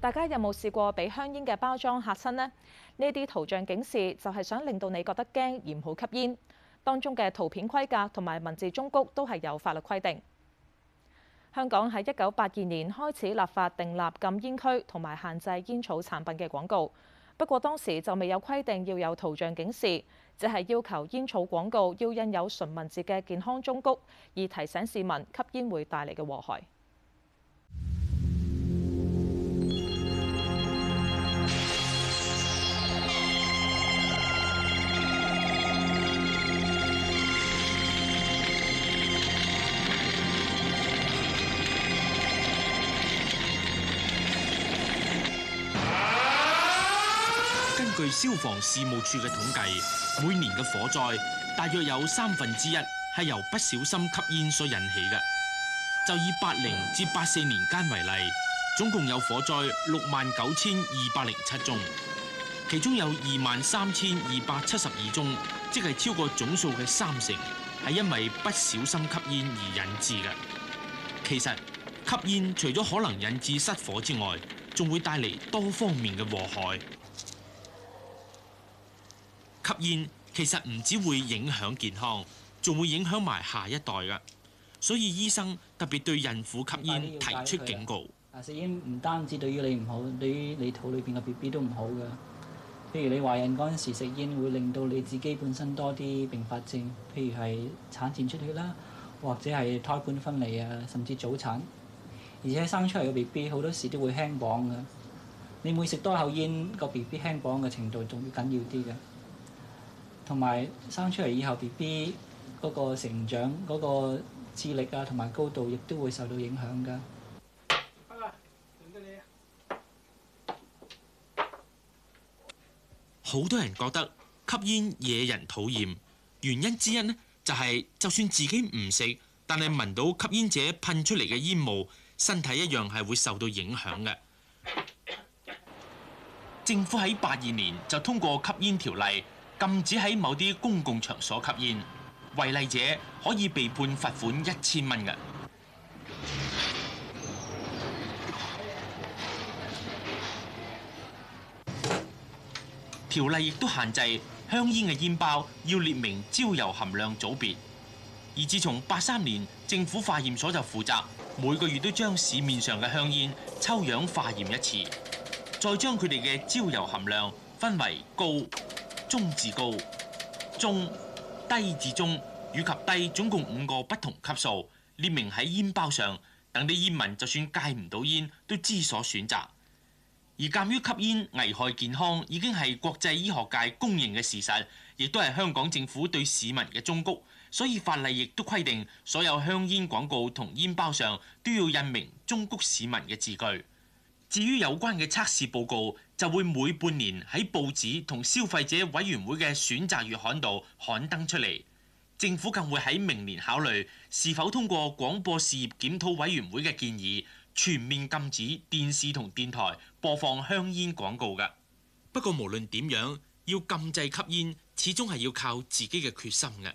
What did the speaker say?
大家有冇試過俾香煙嘅包裝嚇親呢？呢啲圖像警示就係想令到你覺得驚，而唔好吸煙。當中嘅圖片規格同埋文字忠告都係有法律規定。香港喺一九八二年開始立法訂立禁煙區同埋限制煙草產品嘅廣告，不過當時就未有規定要有圖像警示，只係要求煙草廣告要印有純文字嘅健康忠告，以提醒市民，吸煙會帶嚟嘅禍害。據消防事務處嘅統計，每年嘅火災大約有三分之一係由不小心吸煙所引起嘅。就以八零至八四年間為例，總共有火災六萬九千二百零七宗，其中有二萬三千二百七十二宗，即係超過總數嘅三成，係因為不小心吸煙而引致嘅。其實吸煙除咗可能引致失火之外，仲會帶嚟多方面嘅禍害。吸煙其實唔只會影響健康，仲會影響埋下一代㗎。所以醫生特別對孕婦吸煙提出警告。食煙唔單止對於你唔好，對於你肚裏邊嘅 BB 都唔好㗎。譬如你懷孕嗰陣時食煙，會令到你自己本身多啲併發症，譬如係產前出血啦，或者係胎盤分離啊，甚至早產。而且生出嚟嘅 BB 好多時都會輕磅㗎。你每食多口煙，個 BB 輕磅嘅程度仲要緊要啲㗎。同埋生出嚟以後，BB 嗰個成長、嗰個智力啊，同埋高度，亦都會受到影響㗎。好多人覺得吸煙惹人討厭，原因之一呢就係，就算自己唔食，但係聞到吸煙者噴出嚟嘅煙霧，身體一樣係會受到影響嘅。政府喺八二年就通過吸煙條例。禁止喺某啲公共場所吸煙，違例者可以被判罰款一千蚊嘅。條例亦都限制香煙嘅煙包要列明焦油含量組別。而自從八三年，政府化驗所就負責每個月都將市面上嘅香煙抽樣化驗一次，再將佢哋嘅焦油含量分為高、中至高、中、低至中以及低，總共五個不同級數，列明喺煙包上，等啲煙民就算戒唔到煙，都知所選擇。而鑒於吸煙危害健康已經係國際醫學界公認嘅事實，亦都係香港政府對市民嘅忠告，所以法例亦都規定，所有香煙廣告同煙包上都要印明忠告市民嘅字句。至於有關嘅測試報告，就會每半年喺報紙同消費者委員會嘅選擇月刊度刊登出嚟。政府更會喺明年考慮是否通過廣播事業檢討委員會嘅建議，全面禁止電視同電台播放香煙廣告㗎。不過，無論點樣，要禁制吸煙，始終係要靠自己嘅決心嘅。